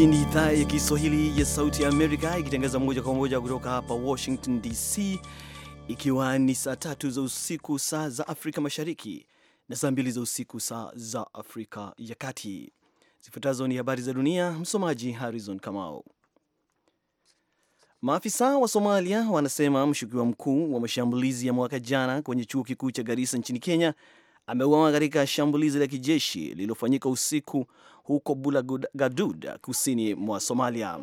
Hii ni idhaa ya Kiswahili ya Sauti ya Amerika ikitangaza moja kwa moja kutoka hapa Washington DC, ikiwa ni saa tatu za usiku saa za Afrika Mashariki na saa mbili za usiku saa za Afrika ya Kati. Zifuatazo ni habari za dunia, msomaji Harrison Kamau. Maafisa wa Somalia wanasema mshukiwa mkuu wa mashambulizi ya mwaka jana kwenye chuo kikuu cha Garissa nchini Kenya ameuawa katika shambulizi la kijeshi lililofanyika usiku huko Bulagadud kusini mwa Somalia.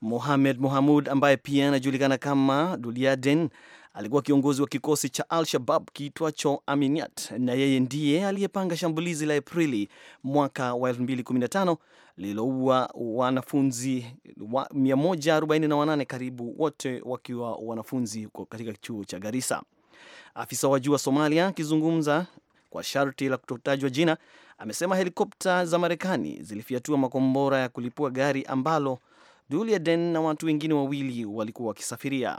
Mohamed Mohamud ambaye pia anajulikana kama Duliaden alikuwa kiongozi wa kikosi cha Al-Shabab kiitwacho Aminiat, na yeye ndiye aliyepanga shambulizi la Aprili mwaka wa 2015 lililoua wanafunzi 148 karibu wote wakiwa wanafunzi katika chuo cha Garissa. Afisa wa juu wa Somalia akizungumza kwa sharti la kutotajwa jina, amesema helikopta za Marekani zilifyatua makombora ya kulipua gari ambalo Duliaden na watu wengine wawili walikuwa wakisafiria.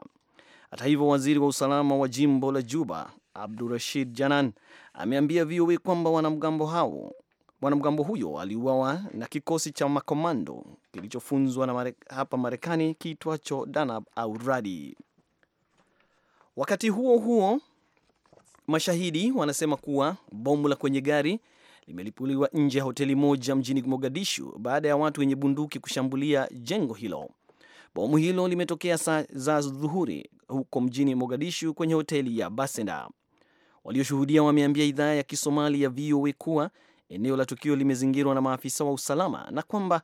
Hata hivyo, waziri wa usalama wa jimbo la Juba Abdurashid Janan ameambia VOA kwamba wanamgambo hao mwanamgambo huyo aliuawa na kikosi cha makomando kilichofunzwa na mare, hapa Marekani kiitwacho Danab au Radi. Wakati huo huo, Mashahidi wanasema kuwa bomu la kwenye gari limelipuliwa nje ya hoteli moja mjini Mogadishu baada ya watu wenye bunduki kushambulia jengo hilo. Bomu hilo limetokea saa za dhuhuri huko mjini Mogadishu kwenye hoteli ya Basenda. Walioshuhudia wameambia idhaa ya Kisomali ya VOA kuwa eneo la tukio limezingirwa na maafisa wa usalama na kwamba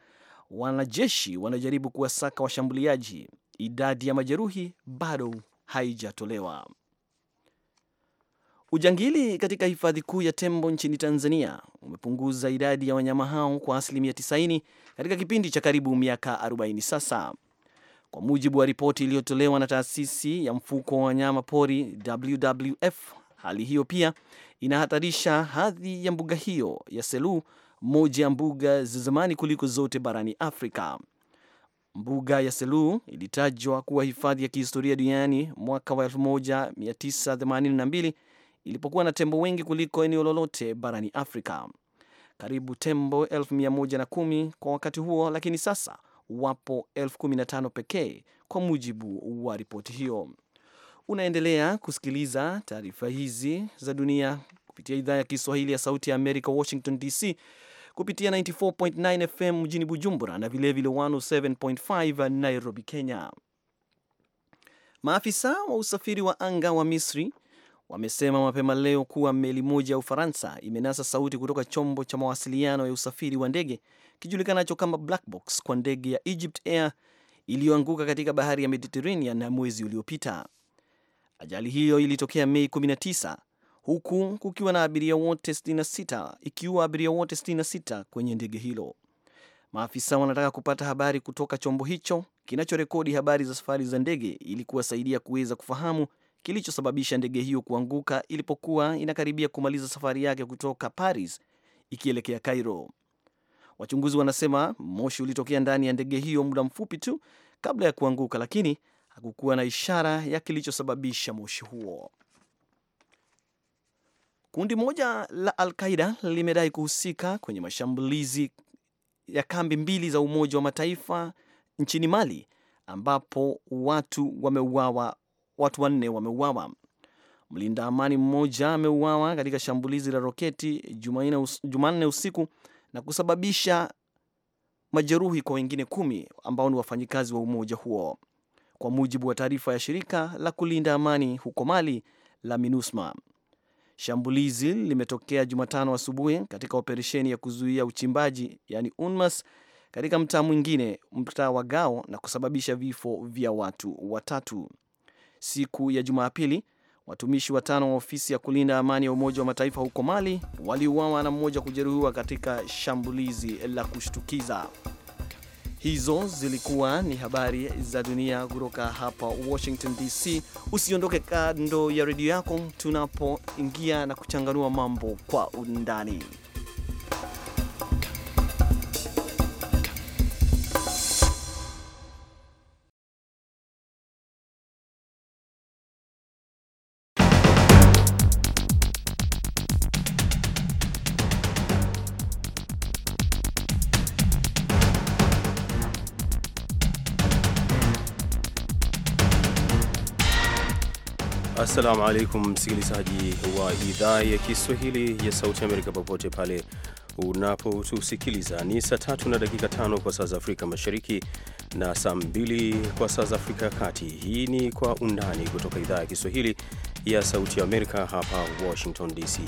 wanajeshi wanajaribu kuwasaka washambuliaji. Idadi ya majeruhi bado haijatolewa. Ujangili katika hifadhi kuu ya tembo nchini Tanzania umepunguza idadi ya wanyama hao kwa asilimia 90 katika kipindi cha karibu miaka 40 sasa, kwa mujibu wa ripoti iliyotolewa na taasisi ya mfuko wa wanyama pori WWF. Hali hiyo pia inahatarisha hadhi ya mbuga hiyo ya selu moja ya mbuga za zamani kuliko zote barani Afrika. Mbuga ya selu ilitajwa kuwa hifadhi ya kihistoria duniani mwaka wa 1982 ilipokuwa na tembo wengi kuliko eneo lolote barani Afrika, karibu tembo 11 kwa wakati huo, lakini sasa wapo 15 pekee kwa mujibu wa ripoti hiyo. Unaendelea kusikiliza taarifa hizi za dunia kupitia idhaa ya Kiswahili ya Sauti ya Amerika, Washington DC, kupitia 94.9 FM mjini Bujumbura na vilevile 107.5 Nairobi, Kenya. Maafisa wa usafiri wa anga wa Misri wamesema mapema leo kuwa meli moja ya Ufaransa imenasa sauti kutoka chombo cha mawasiliano ya usafiri wa ndege kijulikanacho kama black box kwa ndege ya Egypt Air iliyoanguka katika bahari ya Mediterranean na mwezi uliopita. Ajali hiyo ilitokea Mei 19 huku kukiwa na abiria wote 66 ikiwa abiria wote 66 kwenye ndege hilo. Maafisa wanataka kupata habari kutoka chombo hicho kinachorekodi habari za safari za ndege ili kuwasaidia kuweza kufahamu kilichosababisha ndege hiyo kuanguka ilipokuwa inakaribia kumaliza safari yake kutoka Paris ikielekea Cairo. Wachunguzi wanasema moshi ulitokea ndani ya ndege hiyo muda mfupi tu kabla ya kuanguka, lakini hakukuwa na ishara ya kilichosababisha moshi huo. Kundi moja la Al-Qaida limedai kuhusika kwenye mashambulizi ya kambi mbili za Umoja wa Mataifa nchini Mali ambapo watu wameuawa watu wanne wameuawa. Mlinda amani mmoja ameuawa katika shambulizi la roketi Jumanne usiku na kusababisha majeruhi kwa wengine kumi ambao ni wafanyikazi wa umoja huo, kwa mujibu wa taarifa ya shirika la kulinda amani huko Mali la MINUSMA. Shambulizi limetokea Jumatano asubuhi katika operesheni ya kuzuia uchimbaji, yani UNMAS, katika mtaa mwingine, mtaa wa Gao, na kusababisha vifo vya watu watatu. Siku ya Jumapili, watumishi watano wa ofisi ya kulinda amani ya Umoja wa Mataifa huko Mali waliuawa na mmoja kujeruhiwa katika shambulizi la kushtukiza. Hizo zilikuwa ni habari za dunia kutoka hapa Washington DC. Usiondoke kando ya redio yako tunapoingia na kuchanganua mambo kwa undani. Assalamu alaikum msikilizaji wa idhaa ya Kiswahili ya Sauti Amerika, popote pale unapotusikiliza. Ni saa tatu na dakika tano kwa saa za Afrika Mashariki na saa mbili kwa saa za Afrika ya Kati. Hii ni Kwa Undani kutoka idhaa ya Kiswahili ya Sauti ya Amerika hapa Washington DC.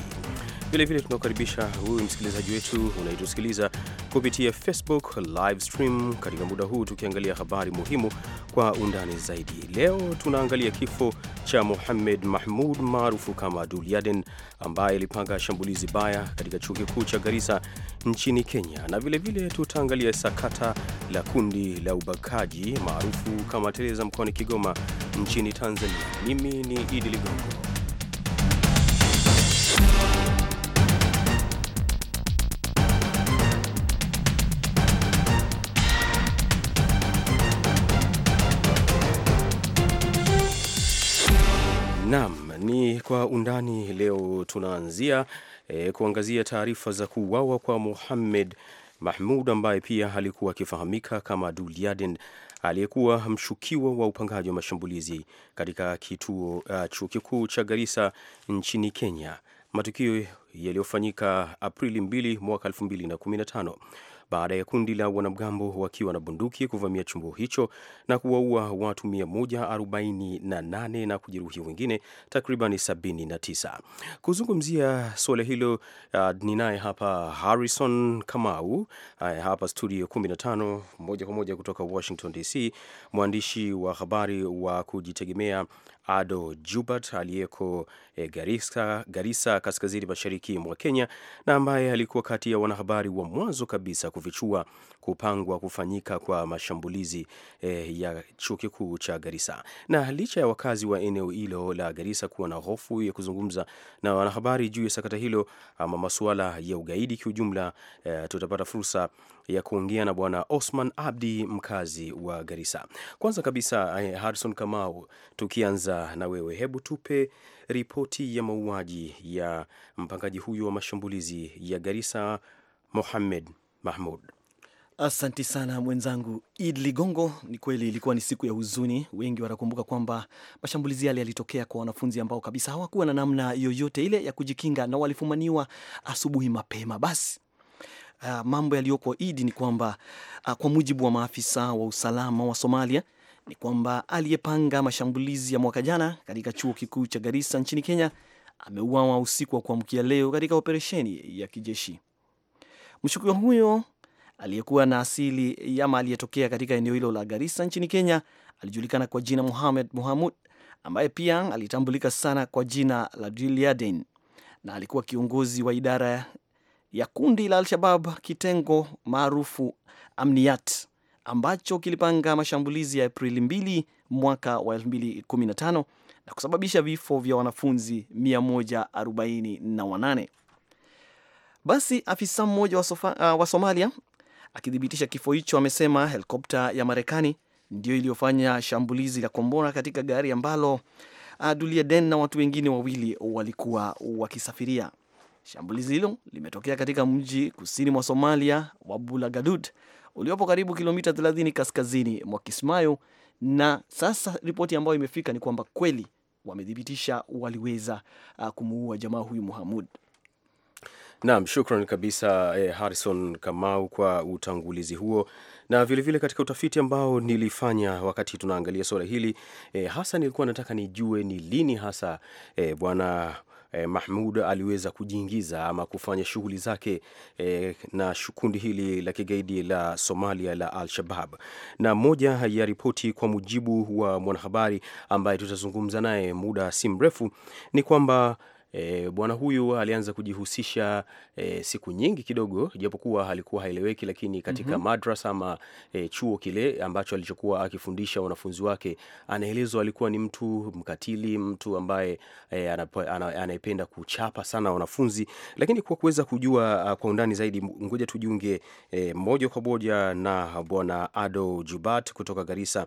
Vilevile tunakukaribisha huyu msikilizaji wetu unayetusikiliza kupitia Facebook live stream katika muda huu, tukiangalia habari muhimu kwa undani zaidi. Leo tunaangalia kifo cha Muhammed Mahmud maarufu kama Duliaden ambaye alipanga shambulizi baya katika chuo kikuu cha Garissa nchini Kenya, na vilevile tutaangalia sakata la kundi la ubakaji maarufu kama Tereza mkoani Kigoma nchini Tanzania. Mimi ni Idi Ligongo. Naam, ni kwa undani leo tunaanzia e, kuangazia taarifa za kuuawa kwa Mohamed Mahmud ambaye pia alikuwa akifahamika kama Duliaden aliyekuwa mshukiwa wa upangaji wa mashambulizi katika kituo uh, chuo kikuu cha Garissa nchini Kenya, matukio yaliyofanyika Aprili 2 mwaka 2015 baada ya kundi la wanamgambo wakiwa na bunduki kuvamia chombo hicho na kuwaua watu 148 na, na kujeruhi wengine takriban 79. Kuzungumzia suala hilo uh, naye hapa Harrison Kamau uh, hapa studio 15 moja kwa moja kutoka Washington DC, mwandishi wa habari wa kujitegemea Ado Jubert aliyeko e, Garissa, Garissa kaskazini mashariki mwa Kenya na ambaye alikuwa kati ya wanahabari wa mwanzo kabisa kufichua kupangwa kufanyika kwa mashambulizi eh, ya chuo kikuu cha Garissa. Na licha ya wakazi wa eneo hilo la Garissa kuwa na hofu ya kuzungumza na wanahabari juu ya sakata hilo ama masuala ya ugaidi kiujumla, eh, tutapata fursa ya kuongea na Bwana Osman Abdi, mkazi wa Garissa. Kwanza kabisa, eh, Harrison Kamau, tukianza na wewe, hebu tupe ripoti ya mauaji ya mpangaji huyo wa mashambulizi ya Garissa Mohamed Mahmud. Asante sana mwenzangu Id Ligongo. Ni kweli ilikuwa ni siku ya huzuni. Wengi watakumbuka kwamba mashambulizi yale yalitokea kwa wanafunzi ambao kabisa hawakuwa na namna yoyote ile ya kujikinga na walifumaniwa asubuhi mapema. Basi uh, mambo yaliyoko Idi ni kwamba uh, kwa mujibu wa maafisa wa usalama wa Somalia ni kwamba aliyepanga mashambulizi ya mwaka jana katika chuo kikuu cha Garissa nchini Kenya ameuawa usiku wa kuamkia leo katika operesheni ya kijeshi. Mshukiwa huyo aliyekuwa na asili ama aliyetokea katika eneo hilo la Garissa nchini Kenya alijulikana kwa jina muhamed muhamud ambaye pia alitambulika sana kwa jina la Diliaden na alikuwa kiongozi wa idara ya kundi la Al-Shabab kitengo maarufu Amniyat ambacho kilipanga mashambulizi ya Aprili 2 mwaka wa 2015 na kusababisha vifo vya wanafunzi 148. Basi afisa mmoja wa, uh, wa Somalia Akithibitisha kifo hicho, amesema helikopta ya Marekani ndiyo iliyofanya shambulizi la kombora katika gari ambalo ah, Duliaden na watu wengine wawili walikuwa wakisafiria. Shambulizi hilo limetokea katika mji kusini mwa Somalia wa Bulagadud uliopo karibu kilomita 30 kaskazini mwa Kismayo, na sasa ripoti ambayo imefika ni kwamba kweli wamethibitisha waliweza ah, kumuua jamaa huyu Muhamud. Naam, shukran kabisa eh, Harrison Kamau kwa utangulizi huo na vilevile vile katika utafiti ambao nilifanya wakati tunaangalia suala hili eh, hasa nilikuwa nataka nijue ni lini hasa eh, bwana eh, Mahmud aliweza kujiingiza ama kufanya shughuli zake eh, na kundi hili la kigaidi la Somalia la Al-Shabab. Na moja ya ripoti kwa mujibu wa mwanahabari ambaye tutazungumza naye muda si mrefu ni kwamba E, bwana huyu alianza kujihusisha e, siku nyingi kidogo, japokuwa alikuwa haeleweki, lakini katika mm -hmm. madrasa ama e, chuo kile ambacho alichokuwa akifundisha wanafunzi wake, anaelezwa alikuwa ni mtu mkatili, mtu ambaye e, anayependa kuchapa sana wanafunzi. Lakini kwa kuweza kujua kwa undani zaidi, ngoja tujiunge e, moja kwa moja na bwana Ado Jubat kutoka Garissa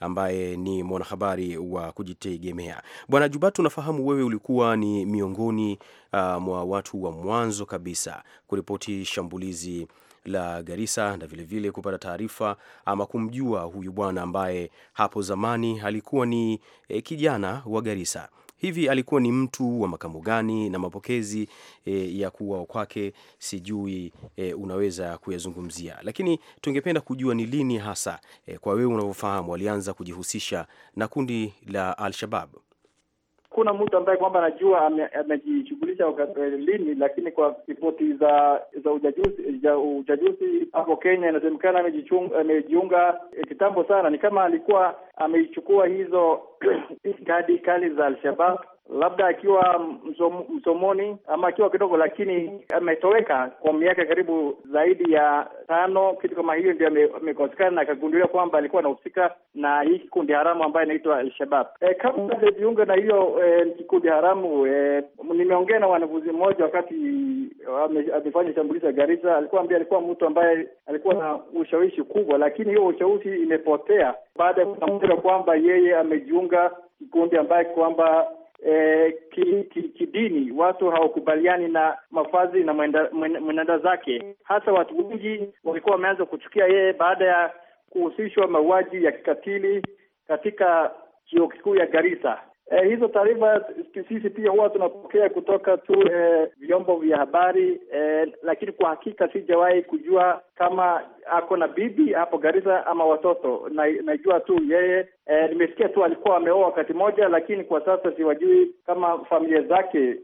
ambaye ni mwanahabari wa kujitegemea. Bwana Jubat, unafahamu wewe ulikuwa ni miongoni miongoni uh, mwa watu wa mwanzo kabisa kuripoti shambulizi la Garissa na vilevile kupata taarifa ama kumjua huyu bwana ambaye hapo zamani alikuwa ni e, kijana wa Garissa. Hivi alikuwa ni mtu wa makamo gani na mapokezi e, ya kuwa kwake sijui e, unaweza kuyazungumzia, lakini tungependa kujua ni lini hasa e, kwa wewe unavyofahamu alianza kujihusisha na kundi la Al-Shabaab hakuna mtu ambaye kwamba anajua amejishughulisha lini, lakini kwa ripoti za za ujajuzi za ujajuzi hapo Kenya inasemekana amejiunga eh, kitambo sana, ni kama alikuwa ameichukua hizo itikadi kali za Alshabab labda akiwa msom, msomoni ama akiwa kidogo, lakini ametoweka kwa miaka karibu zaidi ya tano, kitu kama hiyo, ndio amekosekana na akagunduliwa kwamba alikuwa anahusika na hii kikundi haramu ambayo inaitwa Alshabab. E, kabla hajajiunga na hiyo e, kikundi haramu e, nimeongea na wanafunzi mmoja wakati amefanya shambulizi ya Garissa, alikuwa alikuwa mtu ambaye alikuwa na ushawishi kubwa, lakini hiyo ushawishi imepotea baada ya kutambulika kwamba yeye amejiunga kikundi ambaye kwamba eh, kidini ki, ki watu hawakubaliani na mavazi na mwenendo zake, hasa watu wengi walikuwa wameanza kuchukia yeye baada ya kuhusishwa mauaji ya kikatili katika chuo kikuu ya Garissa. Eh, hizo taarifa sisi pia huwa tunapokea kutoka tu eh, vyombo vya habari eh, lakini kwa hakika sijawahi kujua kama ako na bibi hapo Garissa ama watoto na, najua tu yeye e, nimesikia tu alikuwa ameoa wakati moja, lakini kwa sasa siwajui kama familia zake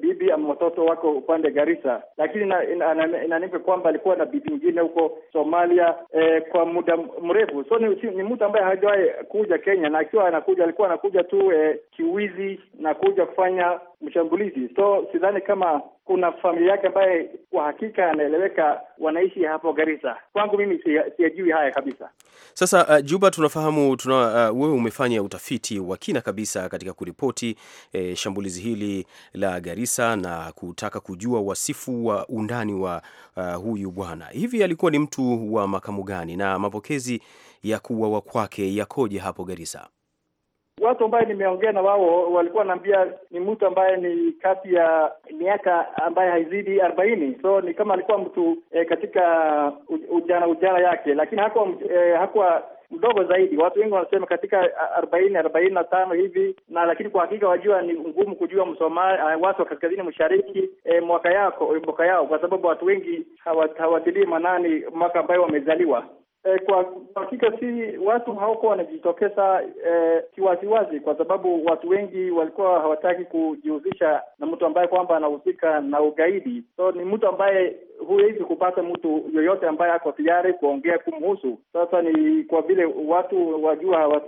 bibi ama watoto wako upande Garissa, lakini inanipa ina, ina kwamba alikuwa na bibi nyingine huko Somalia e, kwa muda mrefu. So ni, ni mtu ambaye hajawahi kuja Kenya, na akiwa anakuja alikuwa anakuja tu e, kiwizi na kuja kufanya mshambulizi, so sidhani kama kuna familia yake ambaye kwa hakika anaeleweka wanaishi hapo Garissa. Kwangu mimi siyajui haya kabisa. Sasa uh, Juba, tunafahamu tuna, uh, wewe umefanya utafiti wa kina kabisa katika kuripoti eh, shambulizi hili la Garissa na kutaka kujua wasifu wa undani wa uh, huyu bwana. Hivi alikuwa ni mtu wa makamu gani na mapokezi ya kuuawa kwake yakoje hapo Garissa? watu ambaye nimeongea na wao walikuwa wanaambia ni mtu ambaye ni kati ya miaka ambaye haizidi arobaini, so ni kama alikuwa mtu e, katika ujana ujana yake, lakini hakuwa e, hakuwa mdogo zaidi. Watu wengi wanasema katika arobaini arobaini na tano hivi, na lakini kwa hakika wajua, ni ngumu kujua msoma eh, watu wa kaskazini mashariki e, mwaka yako mwaka yao, kwa sababu watu wengi hawatilii hawa manani mwaka ambayo wamezaliwa. E, kwa hakika si watu hawakuwa wanajitokeza e, kiwaziwazi kwa sababu watu wengi walikuwa hawataki kujihusisha na mtu ambaye kwamba anahusika na ugaidi. So ni mtu ambaye huwezi kupata mtu yoyote ambaye ako tayari kuongea kumhusu. Sasa ni kwa vile watu wajua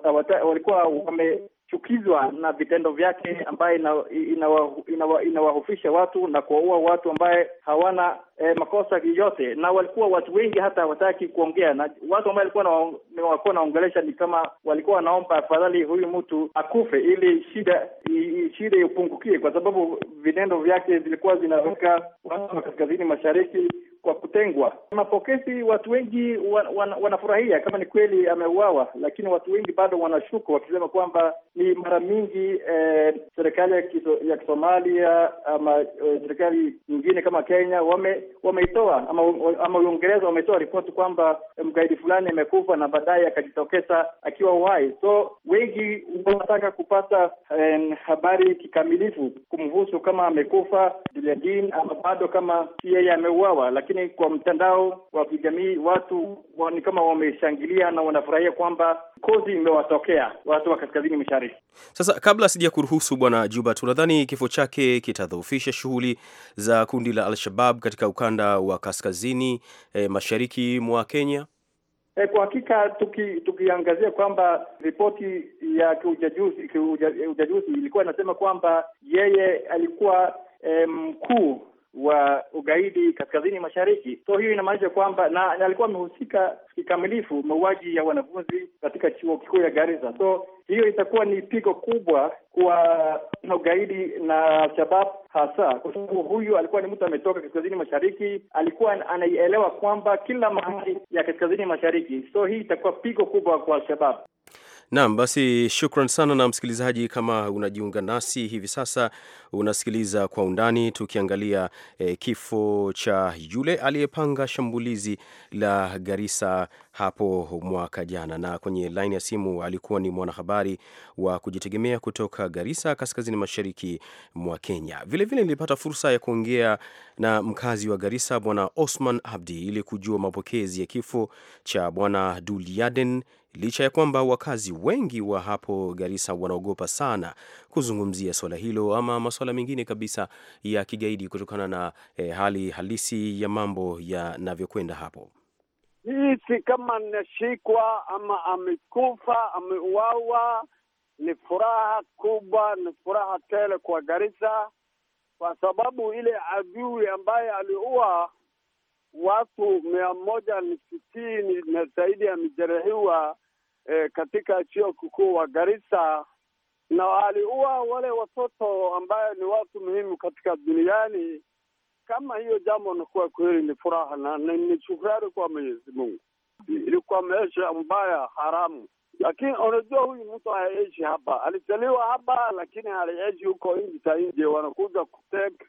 walikuwa wame chukizwa na vitendo vyake ambaye inawahofisha ina, ina watu na kuwaua watu ambaye hawana eh, makosa yoyote, na walikuwa watu wengi hata hawataki kuongea na watu ambao walikuwa walikuwa naongelesha, ni kama walikuwa wanaomba afadhali huyu mtu akufe ili shida i, shida ipungukie, kwa sababu vitendo vyake vilikuwa zinaweka watu wa kaskazini mashariki kwa kutengwa. Mapokezi, watu wengi wan, wan, wanafurahia kama ni kweli ameuawa, lakini watu wengi bado wanashuka wakisema kwamba ni mara mingi eh, serikali ya, ya Kisomalia ama eh, serikali nyingine kama Kenya wame, wameitoa ama, ama Uingereza wametoa ripoti kwamba mgaidi fulani amekufa na baadaye akajitokeza akiwa uhai. So wengi wanataka kupata eh, habari kikamilifu kumhusu kama amekufa ama bado kama yeye ameuawa, lakini lakini kwa mtandao wa kijamii watu ni kama wameshangilia na wanafurahia kwamba kozi imewatokea watu wa kaskazini mashariki. Sasa, kabla sija kuruhusu Bwana Juba, tunadhani kifo chake kitadhoofisha shughuli za kundi la Al-Shabab katika ukanda wa kaskazini e, mashariki mwa Kenya. E, kwa hakika tuki, tukiangazia kwamba ripoti ya kiujajuzi kiuja, ilikuwa inasema kwamba yeye alikuwa eh, mkuu wa ugaidi kaskazini mashariki. So hiyo inamaanisha kwamba na, na alikuwa amehusika kikamilifu mauaji ya wanafunzi katika chuo kikuu ya Garissa. So hiyo itakuwa ni pigo kubwa kwa ugaidi na Al-Shabab hasa kwa sababu huyu alikuwa ni mtu ametoka kaskazini mashariki, alikuwa anaielewa kwamba kila mahali ya kaskazini mashariki. So hii itakuwa pigo kubwa kwa Al-Shabab. Naam, basi shukran sana. Na msikilizaji, kama unajiunga nasi hivi sasa, unasikiliza Kwa Undani tukiangalia eh, kifo cha yule aliyepanga shambulizi la Garissa hapo mwaka jana, na kwenye laini ya simu alikuwa ni mwanahabari wa kujitegemea kutoka Garissa, kaskazini mashariki mwa Kenya. Vilevile nilipata fursa ya kuongea na mkazi wa Garissa, Bwana Osman Abdi, ili kujua mapokezi ya kifo cha Bwana Dulyaden licha ya kwamba wakazi wengi wa hapo Garissa wanaogopa sana kuzungumzia swala hilo ama masuala mengine kabisa ya kigaidi kutokana na eh, hali halisi ya mambo yanavyokwenda hapo. Hii si kama nashikwa ama amekufa ameuawa, ni furaha kubwa, ni furaha tele kwa Garissa kwa sababu ile adui ambaye aliua watu mia moja na sitini na zaidi amejeruhiwa eh, katika chuo kikuu wa Garissa na waliua wale watoto ambayo ni watu muhimu katika duniani. Kama hiyo jambo nakuwa kweli ni furaha na ni shukrani kwa Mwenyezi Mungu. Ilikuwa maisha mbaya haramu, lakini unajua huyu mtu haiishi hapa, alizaliwa hapa, lakini aliishi huko nji za nje, wanakuja kuteka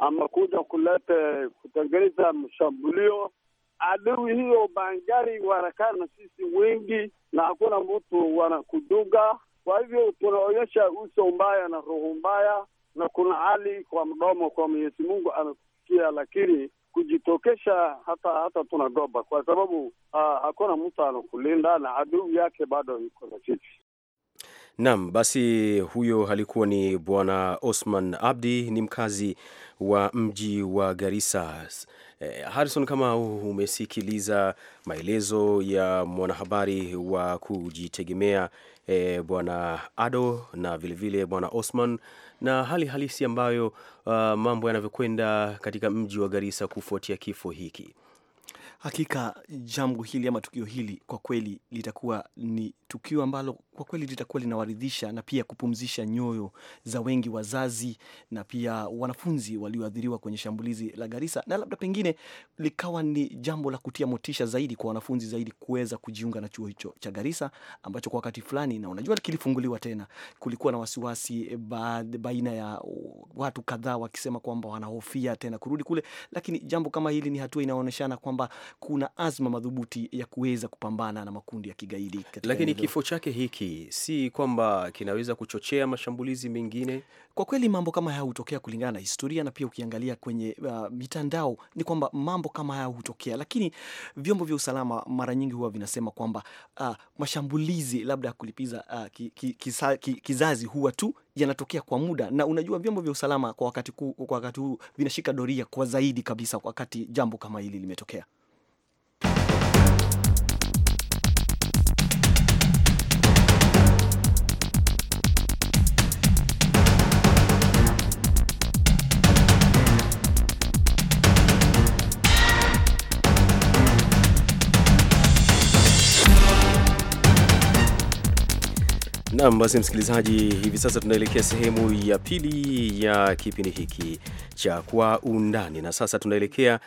ama kuja kulete kutengeneza mshambulio adui hiyo bangari wanakaa na sisi wengi, na hakuna mtu wanakuduga. Kwa hivyo tunaonyesha uso mbaya na roho mbaya, na kuna hali kwa mdomo kwa Mwenyezi Mungu anatusikia, lakini kujitokesha hata hata tunagoba, kwa sababu ah, hakuna mtu anakulinda na adui yake bado yuko na sisi. Naam, basi huyo alikuwa ni Bwana Osman Abdi, ni mkazi wa mji wa Garissa. Eh, Harrison, kama umesikiliza maelezo ya mwanahabari wa kujitegemea e, bwana Ado na vilevile bwana Osman na hali halisi ambayo uh, mambo yanavyokwenda katika mji wa Garissa kufuatia kifo hiki. Hakika jambo hili ama tukio hili kwa kweli litakuwa ni tukio ambalo kwa kweli litakuwa linawaridhisha na pia kupumzisha nyoyo za wengi, wazazi na pia wanafunzi walioathiriwa kwenye shambulizi la Garissa, na labda pengine likawa ni jambo la kutia motisha zaidi kwa wanafunzi zaidi kuweza kujiunga na chuo hicho cha Garissa ambacho kwa wakati fulani, na unajua, kilifunguliwa tena, kulikuwa na wasiwasi eh, baina ya watu kadhaa wakisema kwamba wanahofia tena kurudi kule, lakini jambo kama hili ni hatua inaonyeshana kwamba kuna azma madhubuti ya kuweza kupambana na makundi ya kigaidi. Lakini kifo chake hiki si kwamba kinaweza kuchochea mashambulizi mengine? Kwa kweli mambo kama haya hutokea kulingana na historia, na pia ukiangalia kwenye uh, mitandao ni kwamba mambo kama haya hutokea, lakini vyombo vya usalama mara nyingi huwa vinasema kwamba uh, mashambulizi labda ya kulipiza uh, ki, ki, kisa, ki, kizazi huwa tu yanatokea kwa muda, na unajua vyombo vya usalama kwa wakati huu vinashika doria kwa zaidi kabisa wakati jambo kama hili limetokea. Nam, basi msikilizaji, hivi sasa tunaelekea sehemu ya pili ya kipindi hiki cha Kwa Undani, na sasa tunaelekea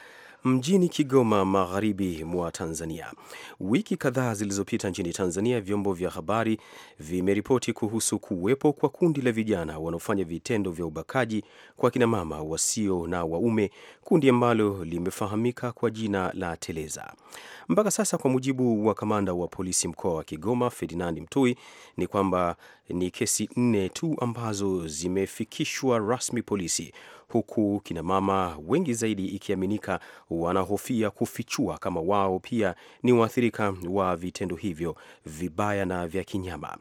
mjini Kigoma, magharibi mwa Tanzania. Wiki kadhaa zilizopita nchini Tanzania, vyombo vya habari vimeripoti kuhusu kuwepo kwa kundi la vijana wanaofanya vitendo vya ubakaji kwa kinamama wasio na waume, kundi ambalo limefahamika kwa jina la Teleza. Mpaka sasa, kwa mujibu wa kamanda wa polisi mkoa wa Kigoma, Ferdinand Mtui, ni kwamba ni kesi nne tu ambazo zimefikishwa rasmi polisi huku kinamama wengi zaidi ikiaminika wanahofia kufichua kama wao pia ni waathirika wa vitendo hivyo vibaya na vya kinyama.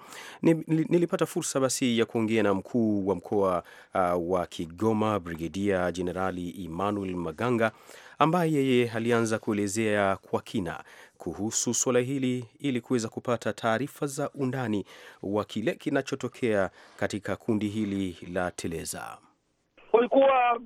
Nilipata fursa basi ya kuongea na mkuu wa mkoa uh, wa Kigoma Brigedia Jenerali Emmanuel Maganga ambaye yeye alianza kuelezea kwa kina kuhusu suala hili ili kuweza kupata taarifa za undani wa kile kinachotokea katika kundi hili la Teleza kulikuwa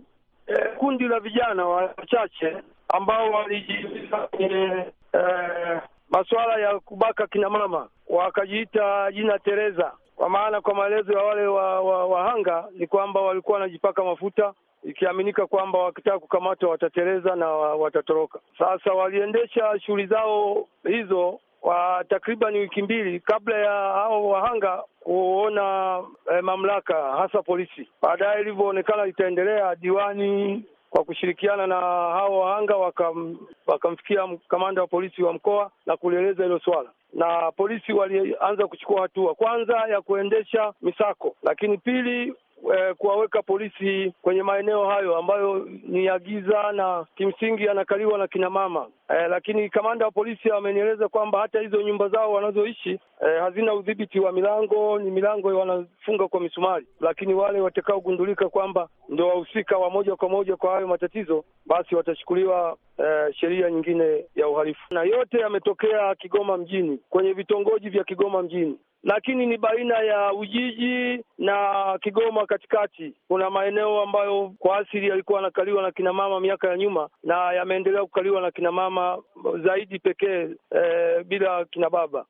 eh, kundi la vijana wachache ambao walijiingiza kwenye eh, masuala ya kubaka kina mama, wakajiita jina Tereza. Kwa maana kwa maelezo ya wale wa, wa, wahanga ni kwamba walikuwa wanajipaka mafuta ikiaminika kwamba wakitaka kukamatwa watatereza na watatoroka. Sasa waliendesha shughuli zao hizo kwa takriban wiki mbili kabla ya hao wahanga kuona eh, mamlaka hasa polisi. Baadaye ilivyoonekana itaendelea, diwani kwa kushirikiana na hao wahanga wakam, wakamfikia kamanda wa polisi wa mkoa na kulieleza hilo swala, na polisi walianza kuchukua hatua kwanza ya kuendesha misako, lakini pili Eh, kuwaweka polisi kwenye maeneo hayo ambayo ni ya giza na kimsingi anakaliwa na kina mama e, lakini kamanda wa polisi amenieleza kwamba hata hizo nyumba zao wanazoishi e, hazina udhibiti wa milango, ni milango wanafunga kwa misumari, lakini wale watakaogundulika kwamba ndio wahusika wa moja kwa moja kwa hayo matatizo, basi watachukuliwa e, sheria nyingine ya uhalifu. Na yote yametokea Kigoma mjini, kwenye vitongoji vya Kigoma mjini lakini ni baina ya Ujiji na Kigoma katikati. Kuna maeneo ambayo kwa asili yalikuwa yanakaliwa na kina mama miaka ya nyuma, na yameendelea kukaliwa na kina mama zaidi pekee e, bila kina baba.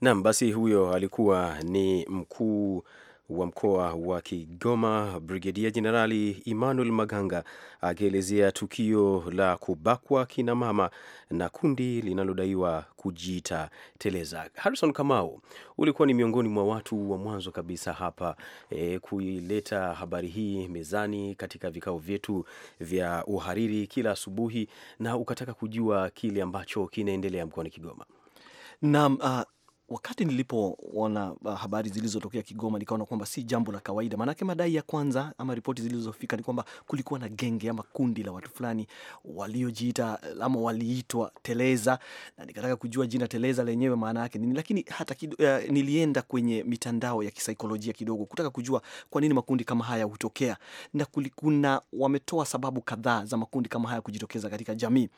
Naam, basi huyo alikuwa ni mkuu wa mkoa wa Kigoma, Brigedia Jenerali Emmanuel Maganga akielezea tukio la kubakwa kina mama na kundi linalodaiwa kujiita Teleza. Harrison Kamau, ulikuwa ni miongoni mwa watu wa mwanzo kabisa hapa e, kuileta habari hii mezani katika vikao vyetu vya uhariri kila asubuhi, na ukataka kujua kile ambacho kinaendelea mkoani Kigoma. Naam, uh... Wakati nilipoona uh, habari zilizotokea Kigoma, nikaona kwamba si jambo la kawaida, maanake madai ya kwanza ama ripoti zilizofika ni kwamba kulikuwa na genge ama kundi la watu fulani waliojiita uh, ama waliitwa Teleza, na nikataka kujua jina Teleza lenyewe maana yake nini, lakini hata kido, uh, nilienda kwenye mitandao ya kisaikolojia kidogo kutaka kujua kwa nini makundi kama haya hutokea, na kulikuna wametoa sababu kadhaa za makundi kama haya kujitokeza katika jamii.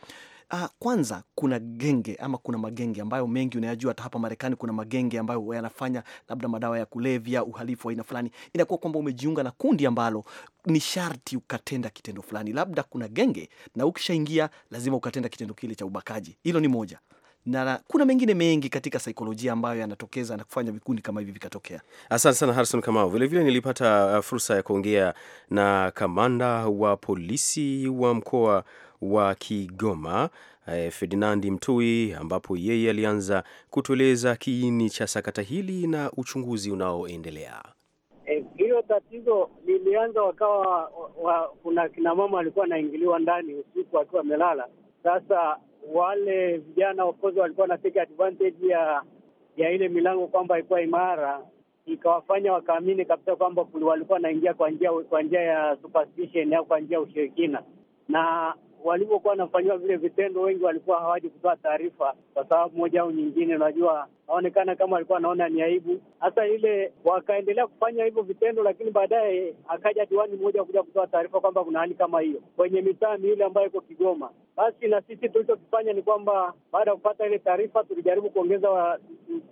Uh, kwanza kuna genge ama kuna magenge ambayo mengi unayajua, hata hapa Marekani kuna magenge ambayo yanafanya labda madawa ya kulevya, uhalifu wa aina fulani. Inakuwa kwamba umejiunga na kundi ambalo ni sharti ukatenda kitendo fulani, labda kuna genge na ukishaingia lazima ukatenda kitendo kile cha ubakaji. Hilo ni moja na kuna mengine mengi katika saikolojia ambayo yanatokeza na kufanya vikundi kama hivi vikatokea. Asante sana Harrison Kamau. Vilevile nilipata uh, fursa ya kuongea na kamanda wa polisi wa mkoa wa Kigoma eh, Ferdinandi Mtui, ambapo yeye alianza kutueleza kiini cha sakata hili na uchunguzi unaoendelea. Eh, Hilo e, tatizo lilianza wakawa wa, kuna kina mama walikuwa wanaingiliwa ndani usiku akiwa wamelala. Sasa wale vijana wakozi walikuwa na take advantage ya ya ile milango kwamba ilikuwa imara, ikawafanya wakaamini kabisa kwamba walikuwa wanaingia kwa njia kwa njia ya superstition au kwa njia ya ushirikina na walivyokuwa wanafanyiwa vile vitendo, wengi walikuwa hawaji kutoa taarifa, kwa sababu moja au nyingine, unajua aonekana kama alikuwa anaona ni aibu hasa ile, wakaendelea kufanya hivyo vitendo, lakini baadaye akaja diwani mmoja kuja kutoa taarifa kwamba kuna hali kama hiyo kwenye mitaa miwili ambayo iko Kigoma. Basi na sisi tulichokifanya ni kwamba baada ya kupata ile taarifa, tulijaribu kuongeza wa,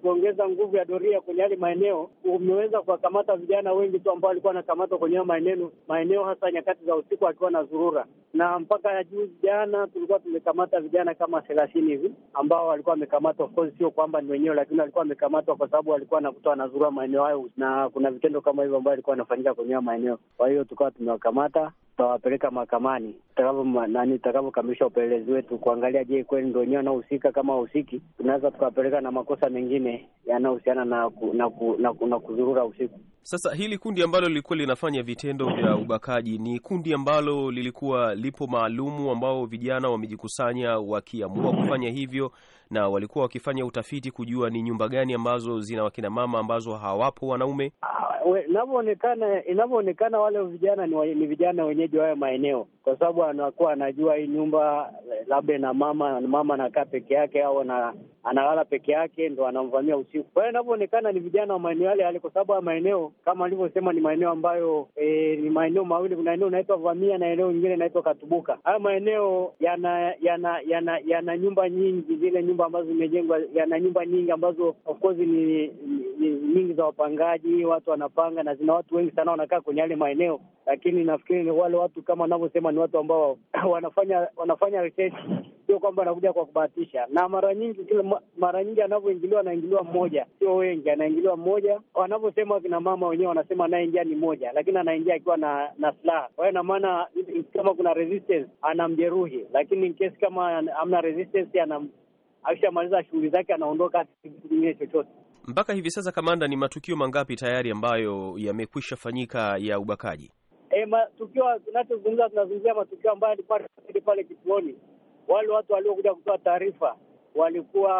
kuongeza nguvu ya doria kwenye yale maeneo. Umeweza kuwakamata vijana wengi tu ambao walikuwa wanakamatwa kwenye hayo maeneo maeneo, hasa nyakati za usiku akiwa na zurura, na mpaka juzi jana tulikuwa tumekamata vijana kama thelathini hivi ambao walikuwa wamekamatwa, sio kwamba ni wenyewe lazima alikuwa amekamatwa kwa sababu alikuwa anakuta anazurua maeneo hayo, na kuna vitendo kama hivyo ambayo alikuwa anafanyika kwenye hayo maeneo. Kwa hiyo tukawa tumewakamata, tutawapeleka mahakamani tutakavyokamilisha upelelezi wetu kuangalia, je, kweli ndo wenyewe wanaohusika. Kama wahusiki, tunaweza tukawapeleka na makosa mengine yanayohusiana na, ku, na, ku, na, ku, na kuzurura usiku. Sasa hili kundi ambalo lilikuwa linafanya vitendo vya ubakaji ni kundi ambalo lilikuwa lipo maalumu, ambao vijana wamejikusanya wakiamua kufanya hivyo na walikuwa wakifanya utafiti kujua ni nyumba gani ambazo zina wakina mama ambazo hawapo wanaume. Ah, inavyoonekana, inavyoonekana wale vijana ni, ni vijana wenyeji wa maeneo kwa sababu anakuwa anajua hii nyumba labda na mama mama anakaa peke yake au ana, analala peke yake, ndo anamvamia usiku. Kwa hiyo inavyoonekana ni vijana wa maeneo yale yale, kwa sababu haya maeneo kama alivyosema ni maeneo ambayo e, ni maeneo mawili. Kuna eneo inaitwa Vamia na eneo nyingine inaitwa Katubuka. Haya maeneo yana yana yana yana nyumba nyingi, zile nyumba ambazo zimejengwa, yana nyumba nyingi ambazo of course ni, ni nyingi za wapangaji, watu wanapanga na zina watu wengi sana wanakaa kwenye yale maeneo, lakini nafikiri ni wale watu kama wanavyosema kama ni watu ambao wanafanya wanafanya research, sio kwamba anakuja kwa kubahatisha. Na mara nyingi kila mara nyingi anavyoingiliwa anaingiliwa mmoja, sio wengi, anaingiliwa mmoja. Wanavyosema wakina mama wenyewe wanasema anayeingia ni moja lakini anaingia akiwa na na silaha. Kwa hiyo ina maana kama kuna resistance anamjeruhi, lakini kesi kama hamna resistance, anam akishamaliza shughuli zake anaondoka, kitu kingine chochote. Mpaka hivi sasa, kamanda, ni matukio mangapi tayari ambayo yamekwisha fanyika ya ubakaji? e, eh, matukio tunachozungumza, tunazungumzia matukio ambayo yalikuwa pale kituoni. Wale watu waliokuja kutoa taarifa walikuwa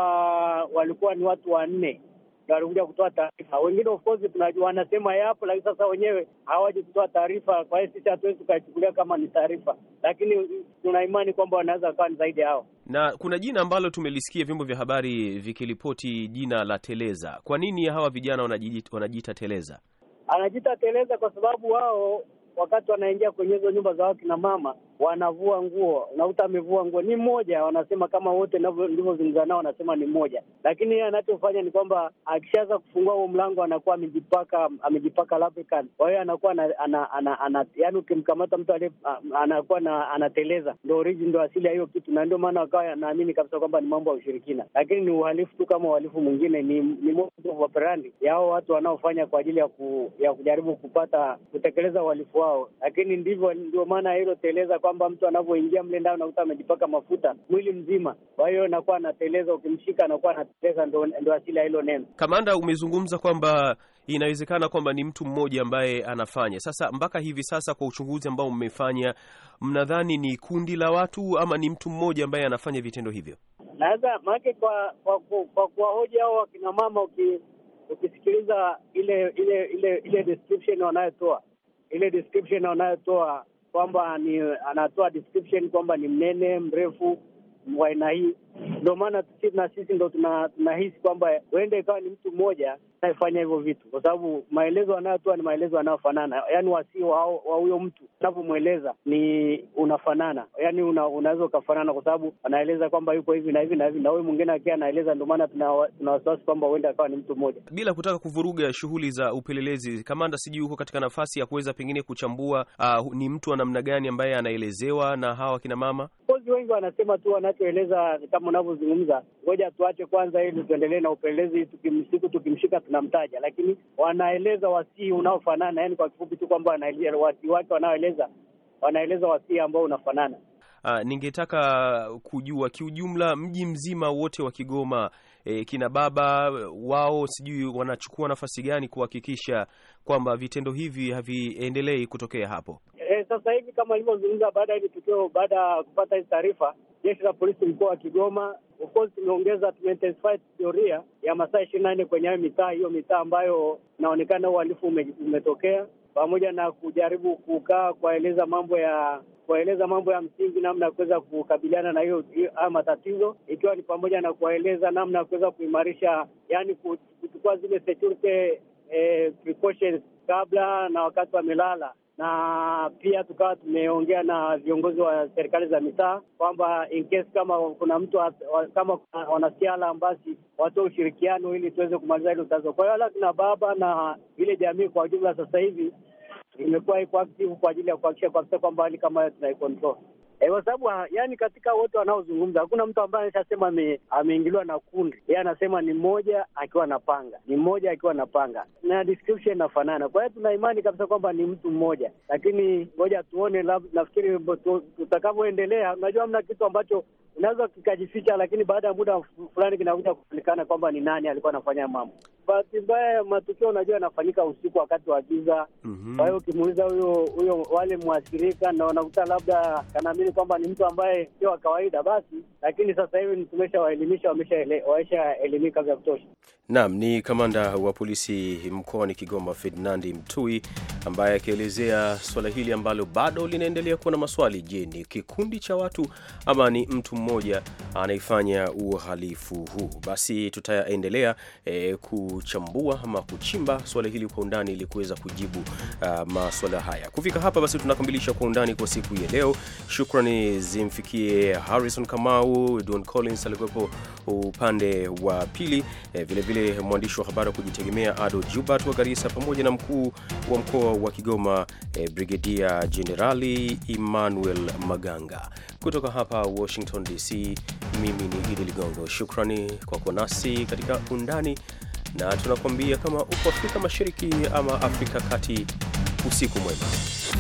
walikuwa ni watu wanne walikuja kutoa taarifa. Wengine of course tunajua wanasema yapo, lakini sasa wenyewe hawaji kutoa taarifa. Kwa hiyo sisi hatuwezi tukaichukulia kama ni taarifa, lakini tuna imani kwamba wanaweza kawa ni zaidi yao. Na kuna jina ambalo tumelisikia vyombo vya habari vikiripoti jina la Teleza. Kwa nini hawa vijana wanajiita Teleza? Anajiita Teleza kwa sababu wao wakati wanaingia kwenye hizo nyumba za wakina mama wanavua nguo, unakuta amevua nguo ni mmoja, wanasema kama wote ndivyozungumza nao wanasema ni mmoja, lakini yeye anachofanya ni kwamba akishaanza kufungua huo mlango anakuwa amejipaka amejipaka lubricant, kwa hiyo anakuwa ana, ana, ana, ana, yaani ukimkamata mtu aliye anakuwa na, anateleza. Ndo origin ndo asili ya hiyo kitu, na ndio maana wakawa anaamini kabisa kwamba ni mambo ya ushirikina, lakini ni uhalifu tu kama uhalifu mwingine, ni ni modus operandi yao watu wanaofanya kwa ajili ya, ku, ya kujaribu kupata kutekeleza uhalifu wao, lakini ndivyo ndio maana hilo teleza kwa kwamba mtu anavyoingia mle ndani unakuta amejipaka mafuta mwili mzima, kwa hiyo anakuwa anateleza, ukimshika anakuwa anateleza. Ndo, ndo asili ya hilo neno. Kamanda, umezungumza kwamba inawezekana kwamba ni mtu mmoja ambaye anafanya. Sasa mpaka hivi sasa, kwa uchunguzi ambao mmefanya, mnadhani ni kundi la watu ama ni mtu mmoja ambaye anafanya vitendo hivyo? Naweza maanake kwa kwa kuwahoja hao wakina mama, ukisikiliza ile ile ile ile description wanayotoa ile description wanayotoa kwamba ni anatoa description kwamba ni mnene mrefu wa aina hii ndio maana na sisi ndo tunahisi kwamba huenda ikawa ni mtu mmoja anayefanya hivyo vitu, kwa sababu maelezo anayotoa ni maelezo yanayofanana, yaani wasio wa huyo mtu unavyomweleza ni unafanana, yaani unaweza ukafanana, kwa sababu anaeleza kwamba yuko hivi na hivi na hivi, na huyu mwingine akiwa anaeleza. Ndio maana tuna wasiwasi kwamba huenda akawa ni mtu mmoja. Bila kutaka kuvuruga shughuli za upelelezi, kamanda, sijui huko katika nafasi ya kuweza pengine kuchambua uh, ni mtu wa namna gani ambaye anaelezewa na hawa akina mama. Wengi wanasema tu wanachoeleza kama unavyozungumza, ngoja tuache kwanza ili tuendelee na upelelezi. tukimshika tukimshika tunamtaja, lakini wanaeleza wasii unaofanana, yani kwa kifupi tu kwamba wasii wake wanaoeleza wanaeleza wasii ambao unafanana. Aa, ah, ningetaka kujua kiujumla mji mzima wote wa Kigoma e, kina baba wao sijui wanachukua nafasi gani kuhakikisha kwamba vitendo hivi haviendelei kutokea hapo. E, sasa hivi kama alivyozungumza, baada ya hili tukio, baada ya kupata hizi taarifa, jeshi la polisi mkoa wa Kigoma of course tumeongeza, tumeintensify doria ya masaa ishirini na nne kwenye hayo mitaa, hiyo mitaa ambayo inaonekana uhalifu umetokea, pamoja na kujaribu kukaa kuwaeleza mambo ya kuwaeleza mambo ya msingi, namna ya kuweza kukabiliana na hiyo haya matatizo, ikiwa ni pamoja na kuwaeleza namna ya kuweza kuimarisha, yani kuchukua zile security eh, precautions kabla na wakati wamelala na pia tukawa tumeongea na viongozi wa serikali za mitaa kwamba in case kama kuna mtu kama wanasiala basi watoe ushirikiano ili tuweze kumaliza hilo tatizo. Kwa hiyo hata kina baba na ile jamii kwa ujumla sasa hivi imekuwa iko active kwa ajili ya kuhakikisha kabisa kwamba hali kama hiyo tunaikontrol. Eh, kwa sababu ah, yani, katika wote wanaozungumza hakuna mtu ambaye ameshasema ameingiliwa na kundi. Yeye anasema ni mmoja akiwa na panga, ni mmoja akiwa na panga na description inafanana. Kwa hiyo tuna imani kabisa kwamba ni mtu mmoja, lakini ngoja tuone, nafikiri tutakavyoendelea. Unajua, mna kitu ambacho unaweza kikajificha, lakini baada ya muda fulani kinakuja kuonekana kwamba ni nani alikuwa anafanya mambo. Bahati mbaya ya matukio, unajua, yanafanyika usiku wakati wa giza. Mhm. Kwa hiyo ukimuuliza huyo huyo wale mwathirika, na unakuta labda kanamili ni kwamba ni mtu ambaye sio wa kawaida basi, lakini sasa hivi tumeshawaelimisha, wameshaelimika vya kutosha. Naam, ni kamanda wa polisi mkoani Kigoma Ferdinandi Mtui ambaye akielezea swala hili ambalo bado linaendelea kuwa na maswali. Je, ni kikundi cha watu ama ni mtu mmoja anayefanya uhalifu huu? Basi tutaendelea e, kuchambua ama kuchimba swala hili kwa undani ili kuweza kujibu maswala haya. Kufika hapa, basi tunakamilisha kwa undani kwa siku ya leo. Shukran shukrani zimfikie Harrison Kamau. Don Collins alikuwepo upande wa pili, vilevile eh, mwandishi wa habari wa kujitegemea Ado Jubat wa Garissa, pamoja na mkuu wa mkoa wa Kigoma eh, Brigedia Jenerali Emmanuel Maganga. Kutoka hapa Washington DC, mimi ni Idi Ligongo. Shukrani kwa kuwa nasi katika undani na tunakuambia kama uko Afrika Mashariki ama Afrika Kati, usiku mwema.